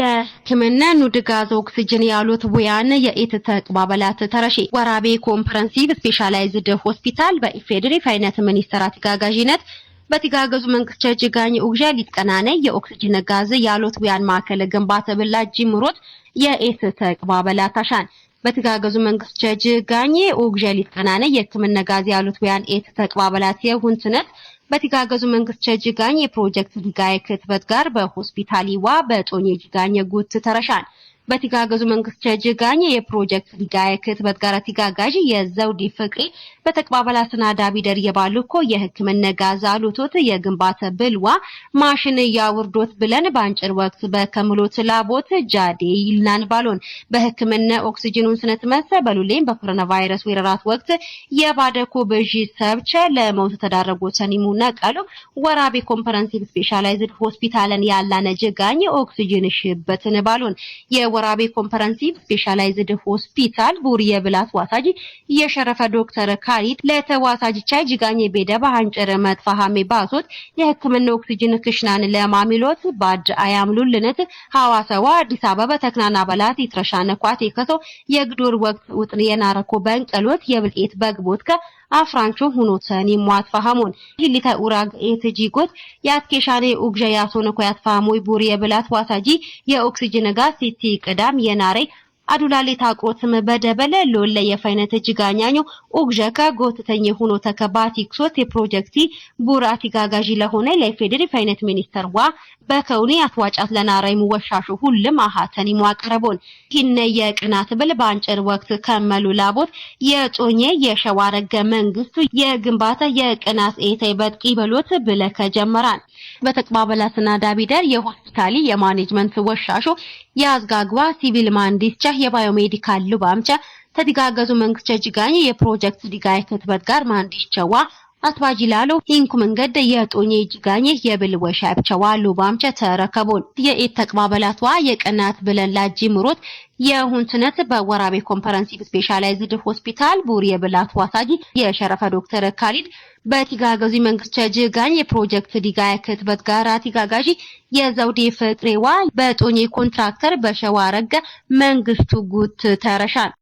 ለሕክምና ኑድጋዝ ኦክስጅን ያሉት ውያን የኢት ተቅባበላት ተረሺ ወራቤ ኮምፕረንሲቭ ስፔሻላይዝድ ሆስፒታል በኢፌድሪ ፋይናንስ ሚኒስቴር አተጋጋዥነት በትጋገዙ መንግስት ጀጅጋኝ ኡግዣ ሊጠናነ የኦክስጅን ጋዝ ያሉት ውያን ማዕከል ግንባታ ብላጅ ምሮት የኢት ቅባበላት አሻን በትጋገዙ መንግስት ጀጅ ጋኜ ኦግዣል ተናነ የክምነ ጋዚ ያሉት ወያን ኤት ተቅባበላት የሁንትነት በትጋገዙ መንግስት ጀጅ ጋኝ የፕሮጀክት ዲጋይ ክትበት ጋር በሆስፒታሊዋ በጦኔ ዲጋኝ ጉት ተረሻን በቲጋገዙ መንግስት ጀጋኝ የፕሮጀክት ሊጋየ ክትበት ጋር ቲጋጋዥ የዘውዲ ፍቅሪ በተቅባበላ ስናዳ ቢደር የባሉ እኮ የህክምና ጋዛ ሉቶት የግንባተ ብልዋ ማሽን ያውርዶት ብለን በአንጭር ወቅት በከምሎት ላቦት ጃዴ ይልናን ባሎን በህክምና ኦክሲጅኑን ስነት መሰ በሉሌም በኮሮና ቫይረስ ወረራት ወቅት የባደኮ በጂ ሰብቸ ለሞት ተዳረጎ ሰኒሙና ቃሉ ወራቤ ኮምፕረሄንሲቭ ስፔሻላይዝድ ሆስፒታልን ያላነ ጀጋኝ ኦክሲጅን ሽበትን ባሎን የ ወራቤ ኮንፈረንሲ ስፔሻላይዝድ ሆስፒታል ጉሪ የብላት ዋሳጅ እየሸረፈ ዶክተር ካሪድ ለተዋሳጅ ቻይ ጅጋኝ ቤደባ አንጭር መጥፋሃሜ ባሶት የህክምና ኦክሲጅን ክሽናን ለማሚሎት ባድ አያምሉልነት ሐዋሳዋ አዲስ አበባ ተክናና በላት ይትረሻነ ኳት ከቶ የግዱር ወቅት ውጥን የናረኮ በንቀሎት የብልኤት በግቦት ከ አፍራንቾ ሁኖት ሰኒ ሟት ፈሃሙን ይሊታ ኡራግ ኤትጂጎት ያትኬሻኔ ኡግዣ ያሶነ ኮ ያትፋሙይ ቡር የብላት ዋሳጂ የኦክሲጅን ጋ ሲቲ ቅዳም የናሬ አዱላሌ ታቆትም በደበለ ሎለ የፋይነት እጅጋኛኙ ኡግዣካ ጎትተኝ ሆኖ ከባቲ ክሶት የፕሮጀክቲ ቡራቲ ጋጋጂ ለሆነ ለፌዴሪ ፋይናንስ ሚኒስተር ዋ በከውኒ አትዋጫት ለናራይ ሙወሻሹ ሁልም አሃተን ይሟቀረቦን ኪነ የቅናት ብል በአንጭር ወቅት ከመሉ ላቦት የጮኘ የሸዋረገ መንግስቱ የግንባታ የቅናት ኤታይ በጥቂ በሎት ብለ ከጀመራን በተቅባበላትና ዳቢደር የሆስፒታሊ የማኔጅመንት ወሻሾ የአዝጋግባ ሲቪል ማንዲስቻ የባዮሜዲካል ሉባምቻ ተዲጋገዙ መንግስት ጀጅጋኝ የፕሮጀክት ዲጋይ ክትበት ጋር ማንዲሽ ቸዋ አትባጂ ላሎ ሂንኩ መንገድ የጦኝ ጅጋኝ የብል ወሻብ ቸዋ ሉባምቸ ተረከቦን የኤት ተቅባበላቷ የቀናት ብለን ላጂ ምሮት የሁንትነት በወራቤ ኮንፈረንሲቭ ስፔሻላይዝድ ሆስፒታል ቡር የብላት ዋሳጂ የሸረፈ ዶክተር ካሊድ በቲጋጋዚ መንግስት ጀጅጋኝ የፕሮጀክት ዲጋይ ክትበት ጋራ ቲጋጋዢ የዘውዴ ፍጥሬዋ በጦኝ ኮንትራክተር በሸዋረገ መንግስቱ ጉት ተረሻል